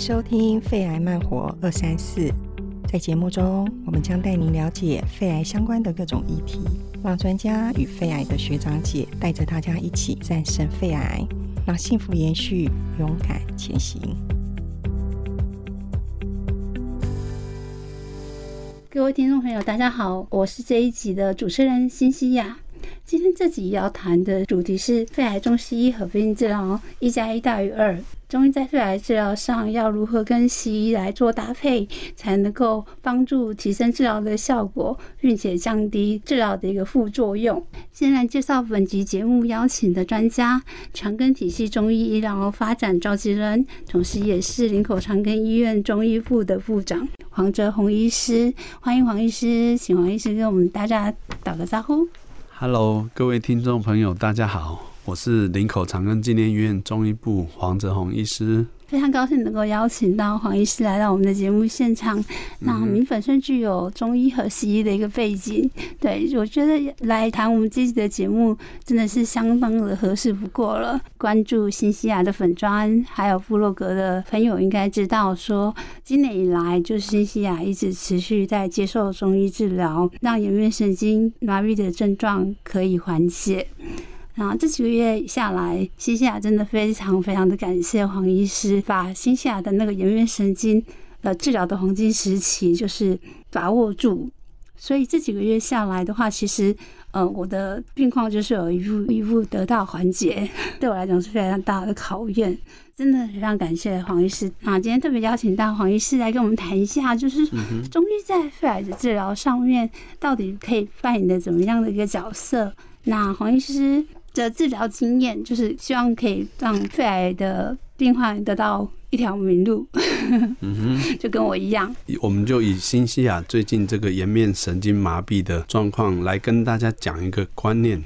收聽肺癌慢活二三四，在節目中，我們將帶您了解肺癌相關的各種議題，讓專家與肺癌的學長姐帶着大家一起戰勝肺癌，讓幸福延續，勇敢前行。各位聽眾朋友，大家好，我是這一集的主持人星希亞。今天這集要談的主題是肺癌中西醫合併治療，一加一大於二。中醫在肺癌治療上要如何跟西醫來做搭配，才能夠幫助提升治療的效果，並且降低治療的一個副作用？先來介紹本集節目邀請的專家，長庚體系中醫醫療發展召集人，同時也是林口長庚醫院中醫部的部長黃澤宏醫師。歡迎黃醫師，請黃醫師跟我們大家打個招呼。Hello，各位聽眾朋友，大家好。我是林口長庚紀念醫院中醫部黃澤宏醫師，非常高興能夠邀請到黃醫師來到我們的節目現場。嗯、那您本身具有中醫和西醫的一個背景，對我覺得來談我們這期的節目真的是相當的合適不過了。關注星希亞的粉專還有部落格的朋友應該知道說，說今年以來，就星希亞一直持續在接受中醫治療，讓眼面神經麻痹的症狀可以緩解。然後、啊、這幾個月下來，星希亞真的非常非常的感謝黃醫師，把星希亞的那個顏面神經的治療的黃金時期就是把握住。所以這幾個月下來的話，其實呃我的病況就是有一步一步得到緩解，對我來講是非常大的考驗。真的非常感謝黃醫師。那、啊、今天特別邀請到黃醫師來跟我們談一下，就是中醫在肺癌的治療上面到底可以扮演的怎麼樣的一個角色？那黃醫師。的治療經驗，就是希望可以讓肺癌的病患得到一條明路。嗯哼， 就跟我一樣。我們就以星希亞最近這個顏面神經麻痹的狀況來跟大家講一個觀念，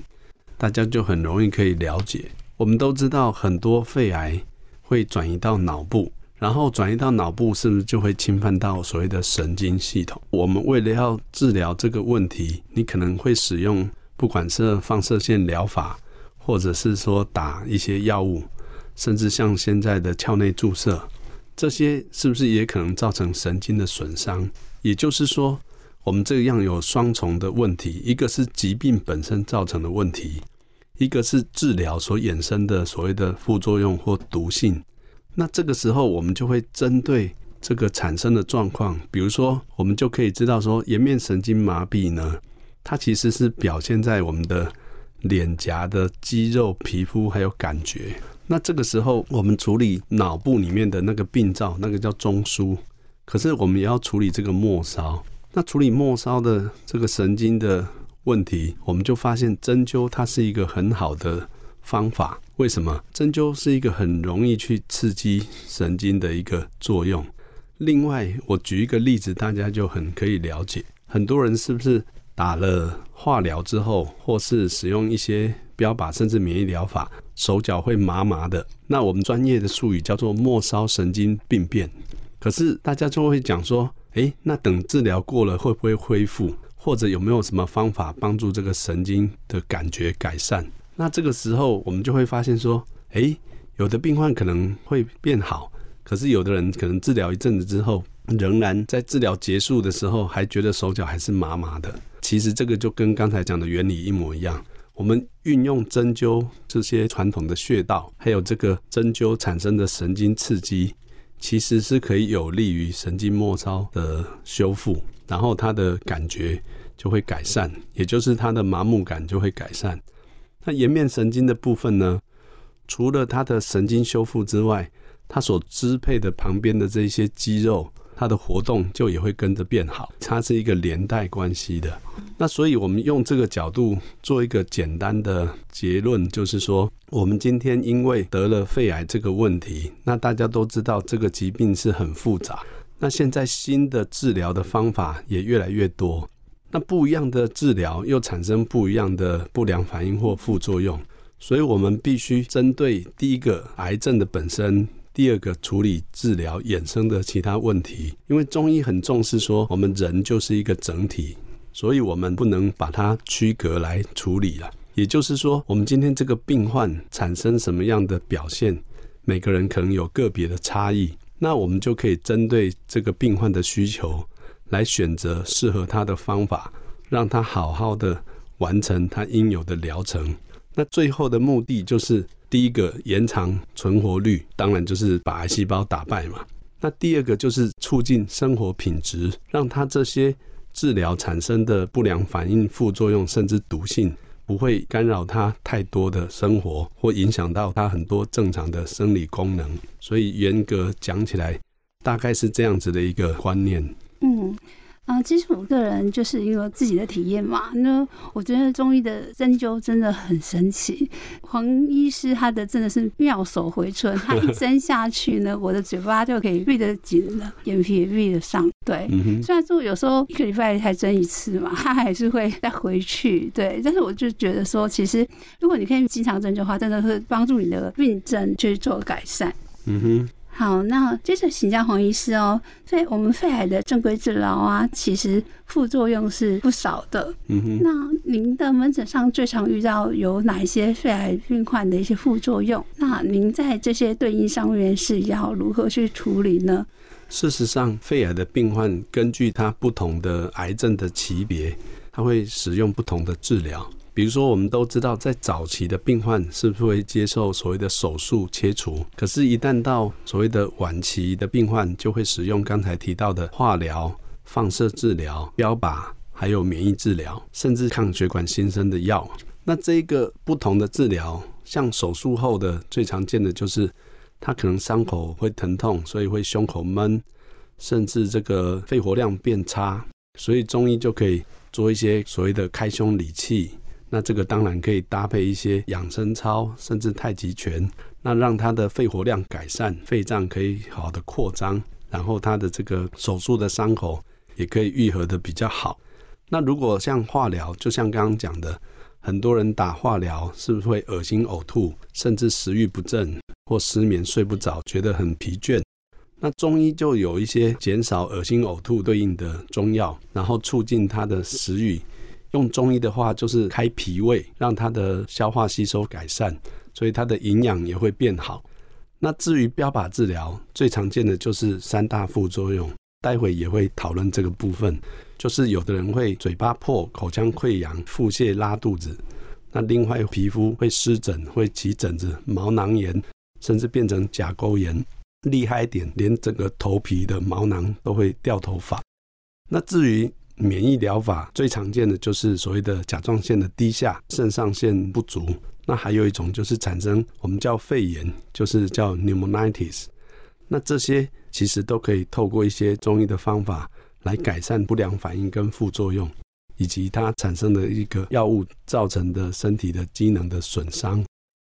大家就很容易可以了解。我們都知道很多肺癌會轉移到腦部，然後轉移到腦部是不是就會侵犯到所謂的神經系統？我們為了要治療這個問題，你可能會使用不管是放射線療法，或者是說打一些藥物，甚至像現在的鞘內注射，這些是不是也可能造成神經的損傷？也就是說，我們這樣有雙重的問題：一個是疾病本身造成的問題，一個是治療所衍生的所謂的副作用或毒性。那這個時候，我們就會針對這個產生的狀況，比如說，我們就可以知道說，顏面神經麻痹呢，它其實是表現在我們的。臉頰的肌肉、皮膚還有感覺。那這個時候，我們處理腦部裡面的那個病灶，那個叫中樞。可是我們也要處理這個末梢。那處理末梢的這個神經的問題，我們就發現針灸它是一個很好的方法。為什麼？針灸是一個很容易去刺激神經的一個作用。另外，我舉一個例子，大家就很可以了解。很多人是不是打了？化療之後，或是使用一些標靶，甚至免疫療法，手腳會麻麻的。那我們專業的術語叫做末梢神經病變。可是大家就會講說：“欸，那等治療過了會不會恢復？或者有沒有什麼方法幫助這個神經的感覺改善？”那這個時候我們就會發現說：“欸，有的病患可能會變好，可是有的人可能治療一陣子之後，仍然在治療結束的時候還覺得手腳還是麻麻的。”其實這個就跟剛才講的原理一模一樣。我們運用針灸這些傳統的穴道，還有這個針灸產生的神經刺激，其實是可以有利於神經末梢的修復，然後它的感覺就會改善，也就是它的麻木感就會改善。那顏面神經的部分呢，除了它的神經修復之外，它所支配的旁邊的這一些肌肉。它的活動就也會跟着變好，它是一個連帶關係的。那所以，我們用這個角度做一個簡單的結論，就是說，我們今天因為得了肺癌這個問題，那大家都知道這個疾病是很複雜。那現在新的治療的方法也越來越多，那不一樣的治療又產生不一樣的不良反應或副作用，所以我們必須針對第一個癌症的本身。第二個處理治療衍生的其他問題，因為中醫很重視說我們人就是一個整體，所以我們不能把它區隔來處理了。也就是說，我們今天這個病患產生什麼樣的表現，每個人可能有個別的差異，那我們就可以針對這個病患的需求來選擇適合他的方法，讓他好好的完成他應有的療程。那最後的目的就是。第一個延長存活率，當然就是把癌細胞打敗嘛。那第二個就是促進生活品質，讓他這些治療產生的不良反應、副作用甚至毒性，不會干擾他太多的生活，或影響到他很多正常的生理功能。所以嚴格講起來，大概是這樣子的一個觀念。嗯。啊、嗯，其實我個人就是因為自己的體驗嘛，那我覺得中醫的針灸真的很神奇。黃醫師他的真的是妙手回春，他一針下去呢，我的嘴巴就可以閉得緊了， 眼皮也閉得上。對，嗯、哼雖然說有時候一個禮拜才針一次嘛，他還是會再回去。對，但是我就覺得說，其實如果你可以經常針灸的話，真的會幫助你的病症去做改善。嗯哼。好，那接着請教黃醫師哦。所以我們肺癌的正規治療啊，其實副作用是不少的。嗯哼，那您的門診上最常遇到有哪一些肺癌病患的一些副作用？那您在這些對應上面是要如何去處理呢？事實上，肺癌的病患根據它不同的癌症的級別，它會使用不同的治療。比如說，我們都知道，在早期的病患是不是會接受所謂的手術切除？可是，一旦到所謂的晚期的病患，就會使用剛才提到的化療、放射治療、標靶，還有免疫治療，甚至抗血管新生的藥。那這一個不同的治療，像手術後的最常見的就是，它可能傷口會疼痛，所以會胸口悶，甚至這個肺活量變差。所以中醫就可以做一些所謂的開胸理氣。那這個當然可以搭配一些養生操，甚至太極拳，那讓他的肺活量改善，肺臟可以好好的擴張，然後他的這個手術的傷口也可以愈合的比較好。那如果像化療，就像剛剛講的，很多人打化療是不是會噁心、嘔吐，甚至食慾不振或失眠、睡不着，覺得很疲倦？那中醫就有一些減少噁心嘔吐對應的中藥，然後促進他的食慾。用中醫的話，就是開脾胃，讓它的消化吸收改善，所以它的營養也會變好。那至於標靶治療，最常見的就是三大副作用，待會也會討論這個部分，就是有的人會嘴巴破、口腔潰瘍、腹瀉、拉肚子；那另外皮膚會濕疹、會起疹子、毛囊炎，甚至變成甲溝炎，厲害一點連整個頭皮的毛囊都會掉頭髮。那至於，免疫療法最常見的就是所謂的甲狀腺的低下、腎上腺不足。那還有一種就是產生我們叫肺炎，就是叫 pneumonitis。那這些其實都可以透過一些中醫的方法來改善不良反應跟副作用，以及它產生的一個藥物造成的身體的機能的損傷。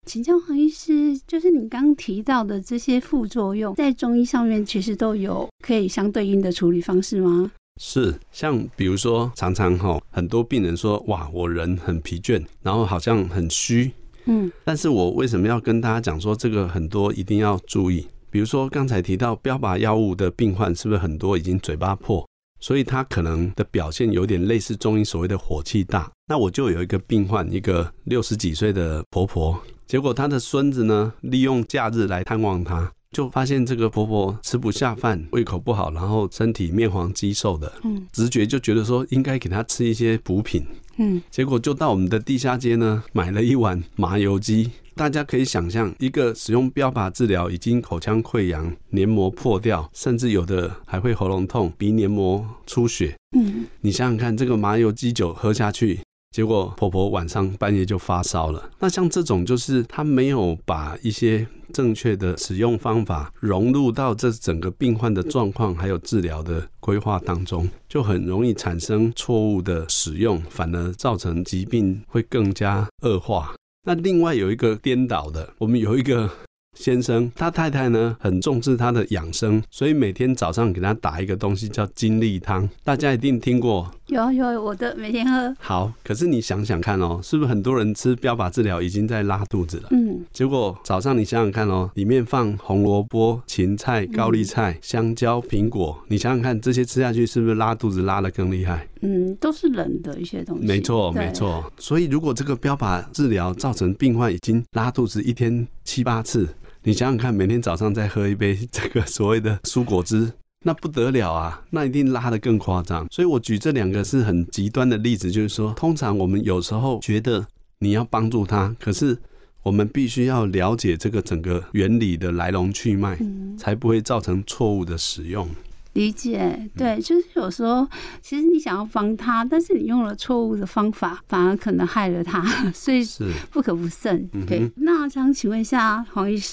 請教黃醫師，就是你剛提到的這些副作用，在中醫上面其實都有可以相對應的處理方式嗎？是，像比如說，常常吼，很多病人說，哇，我人很疲倦，然後好像很虛，嗯，但是我為什麼要跟大家講說這個很多一定要注意？比如說剛才提到標靶藥物的病患，是不是很多已經嘴巴破，所以他可能的表現有點類似中醫所謂的火氣大。那我就有一個病患，一個六十幾歲的婆婆，結果她的孫子呢，利用假日來探望她。就發現這個婆婆吃不下飯，胃口不好，然後身體面黃肌瘦的。嗯，直覺就覺得說應該給她吃一些補品。嗯，結果就到我們的地下街呢買了一碗麻油雞。大家可以想象，一個使用標靶治療已經口腔潰瘍、黏膜破掉，甚至有的還會喉嚨痛、鼻黏膜出血。嗯，你想想看，這個麻油雞酒喝下去。結果婆婆晚上半夜就發燒了。那像這種就是她沒有把一些正確的使用方法融入到這整個病患的狀況還有治療的規劃當中，就很容易產生錯誤的使用，反而造成疾病會更加惡化。那另外有一個顛倒的，我們有一個先生，他太太呢很重視他的養生，所以每天早上給他打一個東西叫精力湯，大家一定聽過。有有，我的每天喝好。可是你想想看哦，是不是很多人吃標靶治療已經在拉肚子了？嗯，結果早上你想想看哦，裡面放紅蘿蔔、芹菜、高麗菜、嗯、香蕉、蘋果，你想想看，這些吃下去是不是拉肚子拉得更厲害？嗯，都是冷的一些東西。沒錯，對了，沒錯。所以如果這個標靶治療造成病患已經拉肚子一天七八次，你想想看，每天早上再喝一杯這個所謂的蔬果汁。那不得了啊，那一定拉得更誇張。所以我舉這兩個是很極端的例子，就是說，通常我們有時候覺得你要幫助他，可是我們必須要了解這個整個原理的來龍去脈，才不會造成錯誤的使用。理解，對，就是有時候，其實你想要幫他，但是你用了錯誤的方法，反而可能害了他，所以是不可不慎。嗯、對，那想請問一下黃醫師，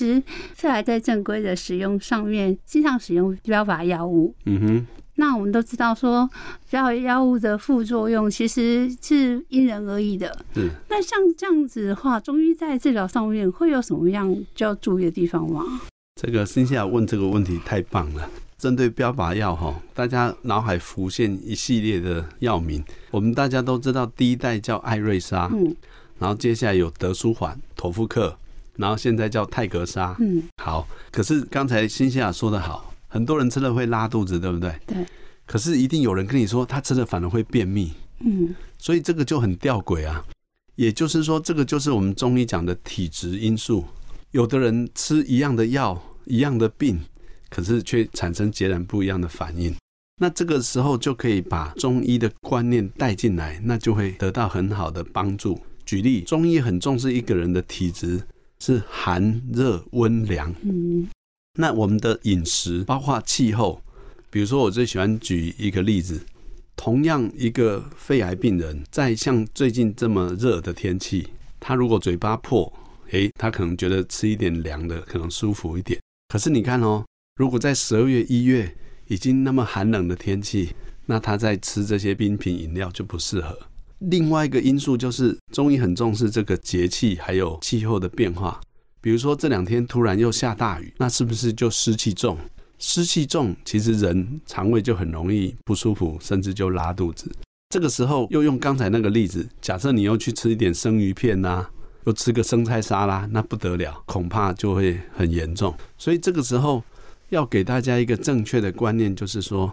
接下來正規的使用上面，經常使用標靶藥物，嗯哼，那我們都知道說標靶藥物的副作用其實是因人而異的，嗯是，那像這樣子的話，中醫在治療上面會有什麼樣要注意的地方嗎？這個星希亞問這個問題太棒了。針對標靶藥哈，大家腦海浮現一系列的藥名。我們大家都知道，第一代叫艾瑞莎，嗯，然後接下來有德舒緩、妥復克，然後現在叫泰格莎，嗯，好。可是剛才星希亞說的好，很多人吃了會拉肚子，對不對？對。可是一定有人跟你說，他吃了反而會便秘，嗯。所以這個就很吊詭啊。也就是說，這個就是我們中醫講的體質因素。有的人吃一樣的藥，一樣的病。可是卻產生截然不一樣的反應。那這個時候就可以把中醫的觀念帶進來，那就會得到很好的幫助。舉例，中醫很重視一個人的體質是寒熱溫涼。嗯。那我們的飲食包括氣候，比如說我最喜歡舉一個例子，同樣一個肺癌病人，在像最近這麼熱的天氣，他如果嘴巴破，誒，他可能覺得吃一點涼的可能舒服一點。可是你看哦。如果在十二月、一月已經那麼寒冷的天氣，那他在吃這些冰品飲料就不適合。另外一個因素就是，中醫很重視這個節氣還有氣候的變化。比如說這兩天突然又下大雨，那是不是就濕氣重？濕氣重，其實人腸胃就很容易不舒服，甚至就拉肚子。這個時候又用剛才那個例子，假設你又去吃一點生魚片吶、啊，又吃個生菜沙拉，那不得了，恐怕就會很嚴重。所以這個時候。要給大家一個正確的觀念，就是說，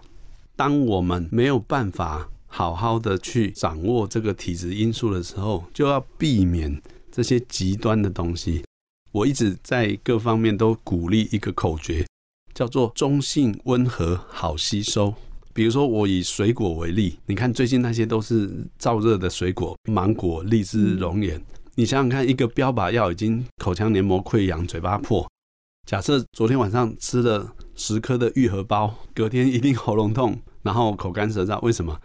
當我們沒有辦法好好的去掌握這個體質因素的時候，就要避免這些極端的東西。我一直在各方面都鼓勵一個口訣，叫做“中性、溫和、好吸收”。比如說，我以水果為例，你看最近那些都是燥熱的水果，芒果、荔枝、龍眼。你想想看，一個標靶藥已經口腔黏膜潰瘍，嘴巴破。假設昨天晚上吃了十顆的玉荷包，隔天一定喉嚨痛，然後口乾舌燥。為什麼？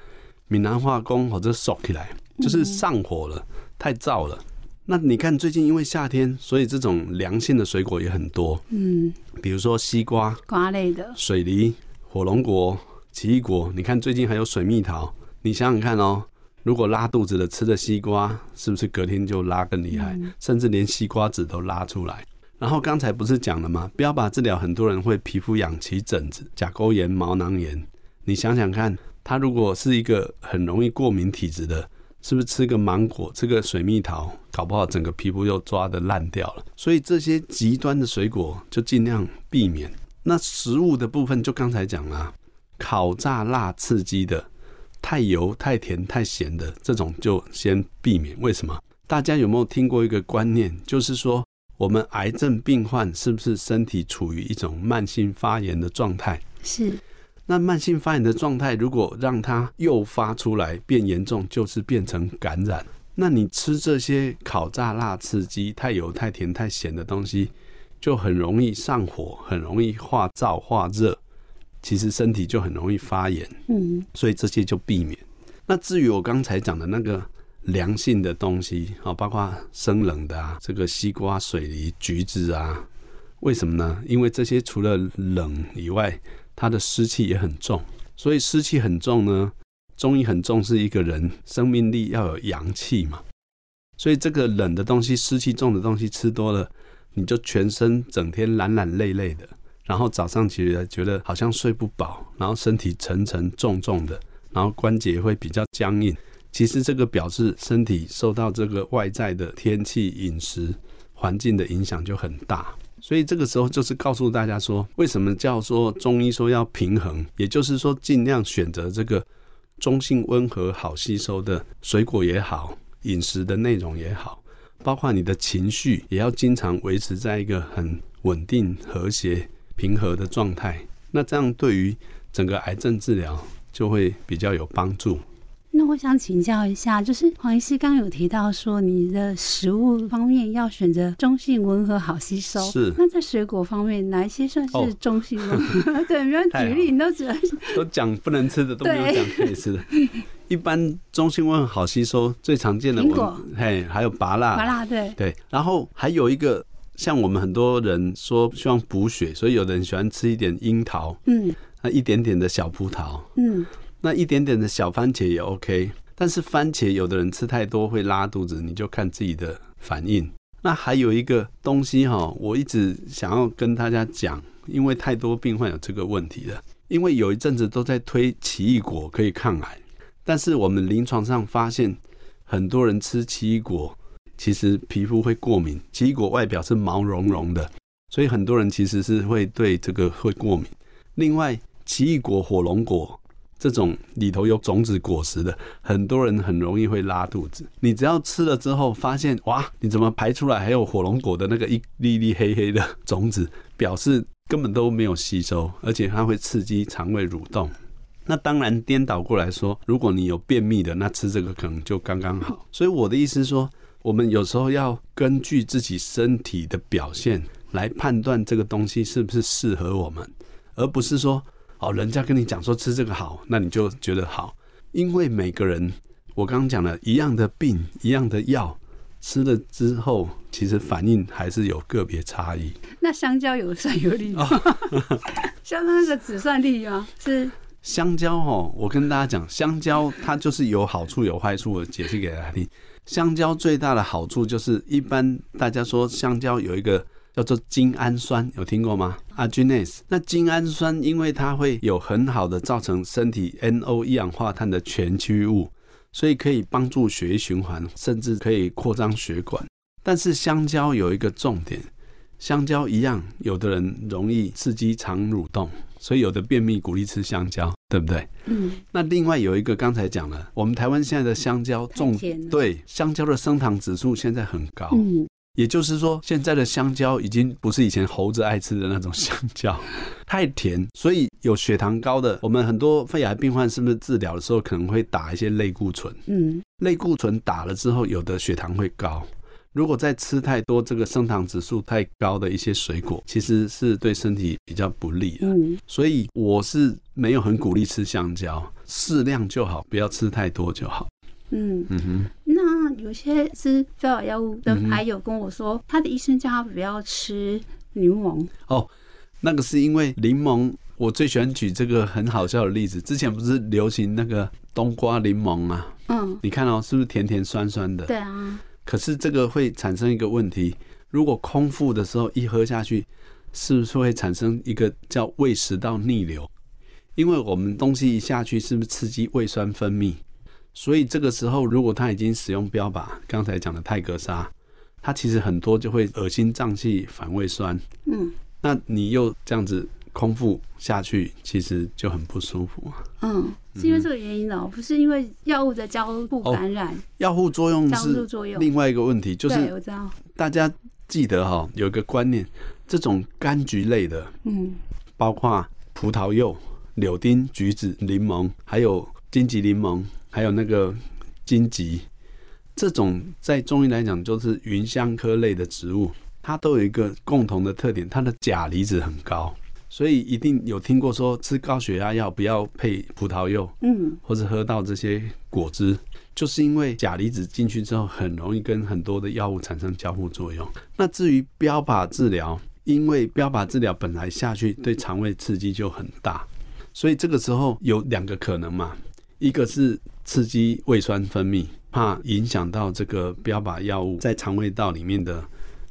閩南話講，我這熟起來就是上火了，太燥了。那你看，最近因為夏天，所以這種涼性的水果也很多。嗯，比如說西瓜、瓜類的水梨、火龍果、奇異果。你看最近還有水蜜桃。你想想看哦、喔，如果拉肚子的吃的西瓜，是不是隔天就拉更厲害，嗯、甚至連西瓜籽都拉出來？然後剛才不是講了嗎？標靶治療很多人會皮膚癢起疹子、甲溝炎、毛囊炎。你想想看，它如果是一個很容易過敏體質的，是不是吃個芒果、吃個水蜜桃，搞不好整個皮膚又抓得爛掉了？所以這些極端的水果就儘量避免。那食物的部分，就剛才講了啊，烤、炸、辣、刺激的，太油、太甜、太鹹的這種就先避免。為什麼？大家有沒有聽過一個觀念，就是說，我們癌症病患是不是身體處於一種慢性發炎的狀態？是。那慢性發炎的狀態，如果讓它誘發出來變嚴重，就是變成感染。那你吃這些烤、炸、辣、刺激、太油、太甜、太鹹的東西，就很容易上火，很容易化燥化熱。其實身體就很容易發炎。嗯。所以這些就避免。那至於我剛才講的那個。涼性的東西啊，包括生冷的啊，這個西瓜、水梨、橘子啊，為什麼呢？因為這些除了冷以外，它的濕氣也很重。所以濕氣很重呢，中醫很重視一個人生命力要有陽氣嘛。所以這個冷的東西、濕氣重的東西吃多了，你就全身整天懶懶累累的，然後早上起來覺得好像睡不飽，然後身體沉沉重重的，然後關節會比較僵硬。其實這個表示身體受到這個外在的天氣、飲食、環境的影響就很大，所以這個時候就是告訴大家說，為什麼叫說中醫說要平衡，也就是說盡量選擇這個中性、溫和、好吸收的水果也好，飲食的內容也好，包括你的情緒也要經常維持在一個很穩定、和諧、平和的狀態，那這樣對於整個癌症治療就會比較有幫助。那我想請教一下，就是黃醫師剛有提到說，你的食物方面要選擇中性、溫和、好吸收。是。那在水果方面，哪一些算是中性溫和？哦、 對，沒有好舉例，你都只是都講不能吃的，都沒有講可以吃的。對一般中性溫和好吸收，最常見的蘋果。果嘿，還有芭樂，芭樂對。對。然後還有一個，像我們很多人說希望補血，所以有的人喜歡吃一點櫻桃，嗯，那一點點的小葡萄，嗯。那一點點的小番茄也 OK，但是番茄有的人吃太多會拉肚子，你就看自己的反應。那還有一個東西哈、哦，我一直想要跟大家講，因為太多病患有這個問題了。因為有一陣子都在推奇異果可以抗癌，但是我們臨床上發現很多人吃奇異果，其實皮膚會過敏。奇異果外表是毛茸茸的，所以很多人其實是會對這個會過敏。另外，奇異果、火龍果。這種裡頭有種子果實的，很多人很容易會拉肚子。你只要吃了之後，發現哇，你怎麼排出來還有火龍果的那個一粒粒黑黑的種子，表示根本都沒有吸收，而且它會刺激腸胃蠕動。那當然，顛倒過來說，如果你有便秘的，那吃這個可能就剛剛好。所以我的意思說，我們有時候要根據自己身體的表現來判斷這個東西是不是適合我們，而不是說。哦，人家跟你講說吃這個好，那你就覺得好，因為每個人，我剛剛講了一樣的病，一樣的藥，吃了之後，其實反應還是有個別差異。那香蕉有算有利嗎？Oh. 像那個只算利哦，是香蕉哈、喔，我跟大家講，香蕉它就是有好處有壞處，我解釋給大家聽。香蕉最大的好處就是，一般大家說香蕉有一個。叫做精氨酸，有聽過嗎？Arginine。那精氨酸因為它會有很好的造成身體 NO 一氧化碳的前驅物，所以可以幫助血液循環，甚至可以擴張血管。但是香蕉有一個重點，香蕉一樣，有的人容易刺激腸蠕動，所以有的便秘鼓勵吃香蕉，對不對？嗯。那另外有一個，剛才講了，我們台灣現在的香蕉種，對香蕉的升糖指數現在很高。嗯。也就是說，現在的香蕉已經不是以前猴子愛吃的那種香蕉，太甜。所以有血糖高的，我們很多肺癌病患是不是治療的時候可能會打一些類固醇？嗯，類固醇打了之後，有的血糖會高。如果再吃太多這個升糖指數太高的一些水果，其實是對身體比較不利的。嗯，所以我是沒有很鼓勵吃香蕉，適量就好，不要吃太多就好。嗯，嗯哼，那有些吃非法藥物的牌友跟我說，嗯、哼他的醫生叫他不要吃檸檬。哦，那個是因為檸檬，我最喜歡舉這個很好笑的例子。之前不是流行那個冬瓜檸檬嗎？嗯，你看哦，是不是甜甜酸酸的？嗯、對啊。可是這個會產生一個問題，如果空腹的時候一喝下去，是不是會產生一個叫胃食道逆流？因為我們東西一下去，是不是刺激胃酸分泌？所以這個時候，如果他已經使用標靶，剛才講的泰格沙，他其實很多就會噁心、脹氣、反胃酸。嗯，那你又這樣子空腹下去，其實就很不舒服。嗯，嗯是因為這個原因哦、喔，不是因為藥物的交互感染，藥物、哦、作用是另外一個問題。就是大家記得哈、喔，有一個觀念，這種柑橘類的，嗯，包括葡萄柚、柳丁、橘子、檸檬，還有金桔、檸檬。還有那個金桔，這種在中醫來講就是芸香科類的植物，它都有一個共同的特點，它的鉀離子很高，所以一定有聽過說吃高血壓藥不要配葡萄柚，嗯，或者喝到這些果汁，就是因為鉀離子進去之後很容易跟很多的藥物產生交互作用。那至於標靶治療，因為標靶治療本來下去對腸胃刺激就很大，所以這個時候有兩個可能嘛。一個是刺激胃酸分泌，怕影響到這個標靶藥物在腸胃道裡面的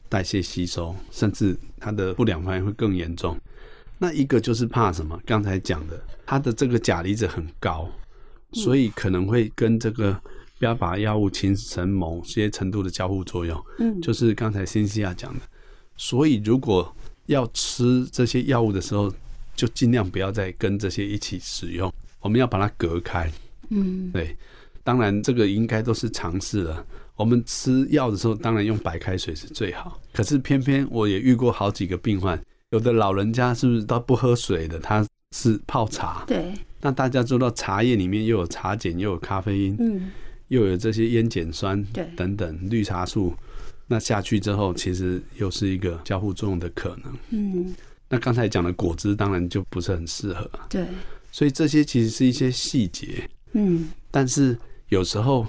代謝吸收，甚至它的不良反應會更嚴重。那一個就是怕什麼？剛才講的，它的這個鉀離子很高，所以可能會跟這個標靶藥物形成某些程度的交互作用。嗯，就是剛才星希亞講的。所以如果要吃這些藥物的時候，就盡量不要再跟這些一起使用。我們要把它隔開，嗯，對。當然，這個應該都是常識了。我們吃藥的時候，當然用白開水是最好。可是，偏偏我也遇過好幾個病患，有的老人家是不是都不喝水的？他是泡茶，對。那大家知道，茶葉裡面又有茶鹼，又有咖啡因，嗯，又有這些菸鹼酸，對，等等，對綠茶素。那下去之後，其實又是一個交互作用的可能。嗯。那剛才講的果汁，當然就不是很適合啊，對。所以這些其實是一些細節，嗯，但是有時候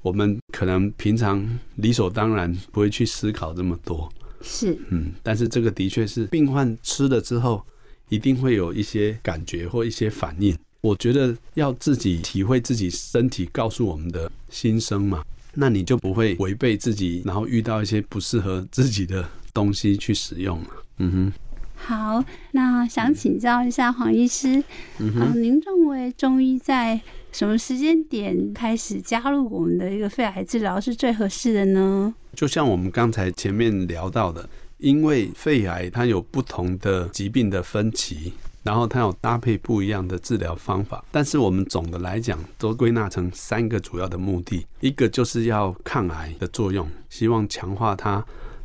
我們可能平常理所當然不會去思考這麼多，是，嗯，但是這個的確是病患吃了之後一定會有一些感覺或一些反應。我覺得要自己體會自己身體告訴我們的心聲嘛，那你就不會違背自己，然後遇到一些不適合自己的東西去使用，嗯哼。好，那想請教一下黃醫師，嗯哼、呃，您認為中醫在什麼時間點開始加入我們的一個肺癌治療是最合適的呢？就像我們剛才前面聊到的，因為肺癌它有不同的疾病的分期，然後它有搭配不一樣的治療方法，但是我們總的來講，都歸納成三個主要的目的：一個就是要抗癌的作用，希望強化它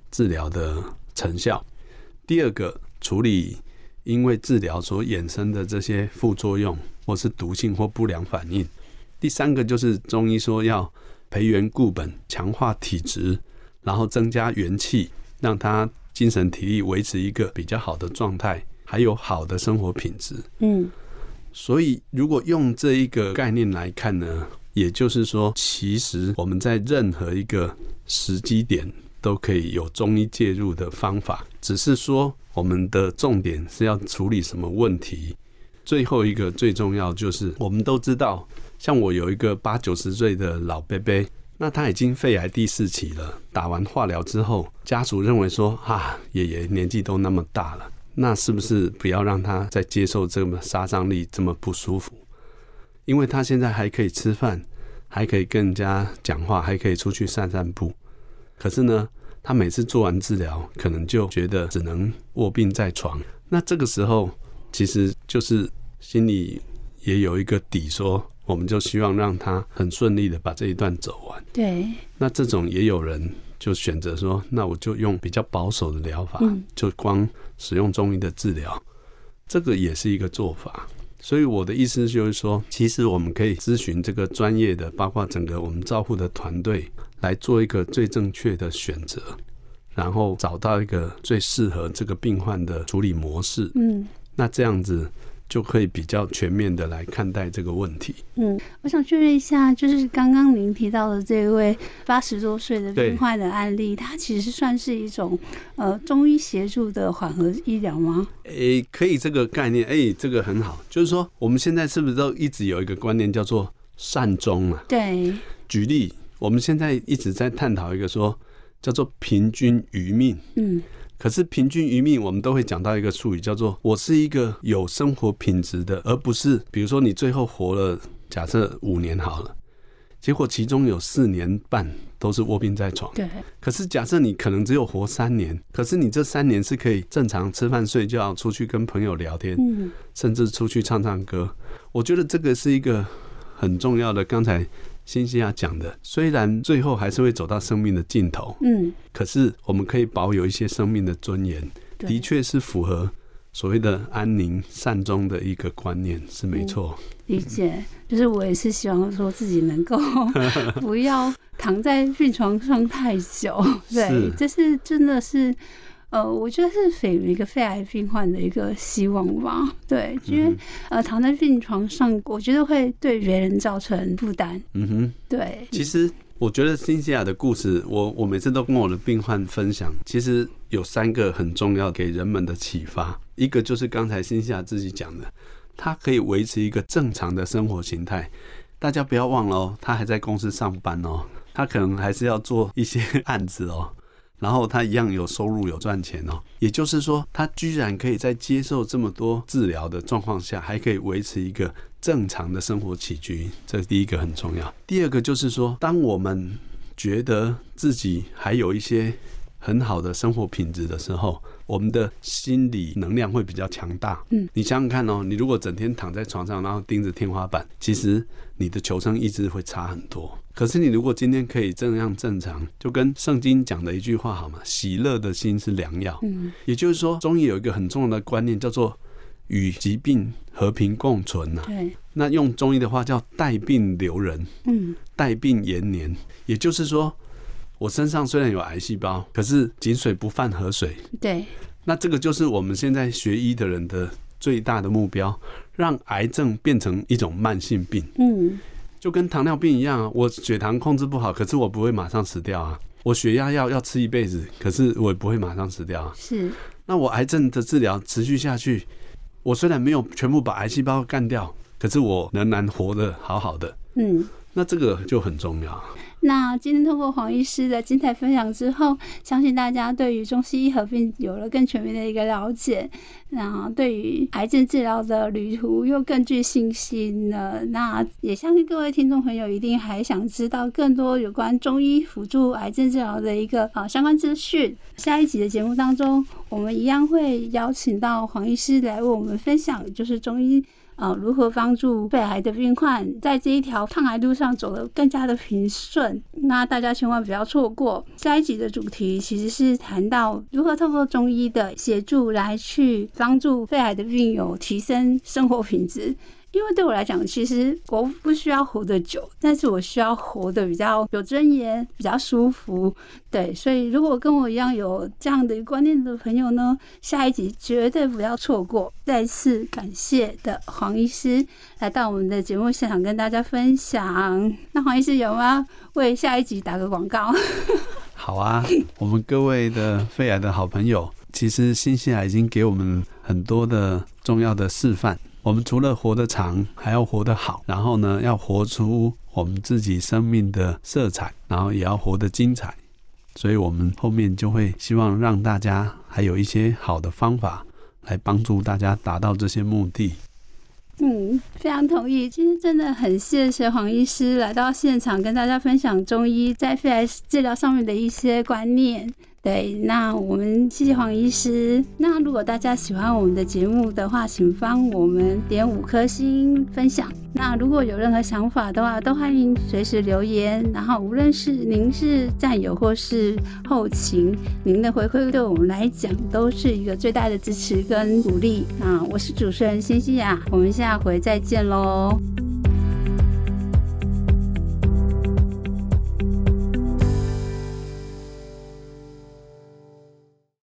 治療的成效；第二個。處理因為治療所衍生的這些副作用，或是毒性或不良反應。第三個就是中醫說要培元固本，強化體質，然後增加元氣，讓他精神體力維持一個比較好的狀態，還有好的生活品質。嗯，所以如果用這一個概念來看呢，也就是說，其實我們在任何一個時機點。都可以有中醫介入的方法，只是說我們的重點是要處理什麼問題。最後一個最重要就是，我們都知道，像我有一個八九十歲的老伯伯，那他已經肺癌第四期了，打完化療之後，家屬認為說，啊，爺爺年紀都那麼大了，那是不是不要讓他再接受這麼殺傷力這麼不舒服？因為他現在還可以吃飯，還可以跟人家講話，還可以出去散散步。可是呢，他每次做完治療，可能就覺得只能臥病在床。那這個時候，其實就是心裡也有一個底，說我們就希望讓他很順利的把這一段走完。對。那這種也有人就選擇說，那我就用比較保守的療法，就光使用中醫的治療，這個也是一個做法。所以我的意思就是說，其實我們可以諮詢這個專業的，包括整個我們照護的團隊，來做一個最正確的選擇，然後找到一個最適合這個病患的處理模式。嗯，那這樣子。就可以比較全面的來看待這個問題。嗯，我想確認一下，就是剛剛您提到的這位八十多歲的病患的案例，他對其實算是一種呃中醫協助的緩和醫療嗎？誒、欸，可以，這個概念，誒、欸，這個很好。就是說，我們現在是不是都一直有一個觀念叫做善終啊？對。舉例，我們現在一直在探討一個說叫做平均餘命。嗯。可是平均餘命，我們都會講到一個術語，叫做“我是一個有生活品質的”，而不是比如說你最後活了假設五年好了，結果其中有四年半都是臥病在床。對。可是假設你可能只有活三年，可是你這三年是可以正常吃飯、睡覺、出去跟朋友聊天，甚至出去唱唱歌。我覺得這個是一個很重要的。剛才，星希亞講的，雖然最後還是會走到生命的盡頭，嗯，可是我們可以保有一些生命的尊嚴，對的確是符合所謂的安寧善終的一個觀念，嗯、是沒錯。理解，就是我也是希望說自己能夠不要躺在病床上太久， 對，是這是真的是。呃，我覺得是屬於一個肺癌病患的一個希望吧。對，因為、嗯、哼呃躺在病床上，我覺得會對別人造成負擔。嗯哼，對。其實我覺得星希亞的故事，我我每次都跟我的病患分享。其實有三個很重要給人們的啟發，一個就是剛才星希亞自己講的，他可以維持一個正常的生活形態。大家不要忘了哦、喔，他還在公司上班哦、喔，他可能還是要做一些 案子哦、喔。然後他一樣有收入、有賺錢哦，也就是說，他居然可以在接受這麼多治療的狀況下，還可以維持一個正常的生活起居，這第一個很重要。第二個就是說，當我們覺得自己還有一些很好的生活品質的時候，我們的心理能量會比較強大。嗯，你想想看哦，你如果整天躺在床上，然後盯着天花板，其實你的求生意志會差很多。可是你如果今天可以這樣正常，就跟聖經講的一句話好嗎？喜樂的心是良藥。嗯。也就是說，中醫有一個很重要的觀念，叫做與疾病和平共存啊。對。那用中醫的話叫“帶病留人”。嗯。帶病延年，也就是說，我身上雖然有癌細胞，可是井水不犯河水。對。那這個就是我們現在學醫的人的最大的目標，讓癌症變成一種慢性病。嗯。就跟糖尿病一樣啊，我血糖控制不好，可是我不會馬上死掉啊。我血壓藥要，要吃一輩子，可是我也不會馬上死掉啊。是，那我癌症的治療持續下去，我雖然沒有全部把癌細胞幹掉，可是我仍然活得好好的。嗯。那這個就很重要。那今天通過黃醫師的精彩分享之後，相信大家對於中西醫合併有了更全面的一個了解，那對於癌症治療的旅途又更具信心了。那也相信各位聽眾朋友一定還想知道更多有關中醫輔助癌症治療的一個啊相關資訊。下一集的節目當中，我們一樣會邀請到黃醫師來為我們分享，就是中醫。啊、哦，如何幫助肺癌的病患在這一條抗癌路上走得更加的平順？那大家千萬不要錯過下一集的主題，其實是談到如何透過中醫的協助來去幫助肺癌的病友提升生活品質。因為對我來講，其實我不需要活得久，但是我需要活得比較有尊嚴，比較舒服。對，所以如果跟我一樣有這樣的觀念的朋友呢，下一集絕對不要錯過。再次感謝的黃醫師來到我們的節目現場，跟大家分享。那黃醫師有嗎？為下一集打個廣告。 好啊，我們各位的肺癌的好朋友，其實星希亞已經給我們很多的重要的示範。我們除了活得長，還要活得好，然後呢，要活出我們自己生命的色彩，然後也要活得精彩。所以，我們後面就會希望讓大家還有一些好的方法來幫助大家達到這些目的。嗯，非常同意。今天真的很謝謝黃醫師來到現場，跟大家分享中醫在肺癌治療上面的一些觀念。對，那我們謝謝黃醫師。那如果大家喜歡我們的節目的話，請幫我們點五顆星分享。那如果有任何想法的話，都歡迎隨時留言。然後，無論是您是戰友或是後勤，您的回饋對我們來講都是一個最大的支持跟鼓勵啊！那我是主持人星希亞，我們下回再見嘍。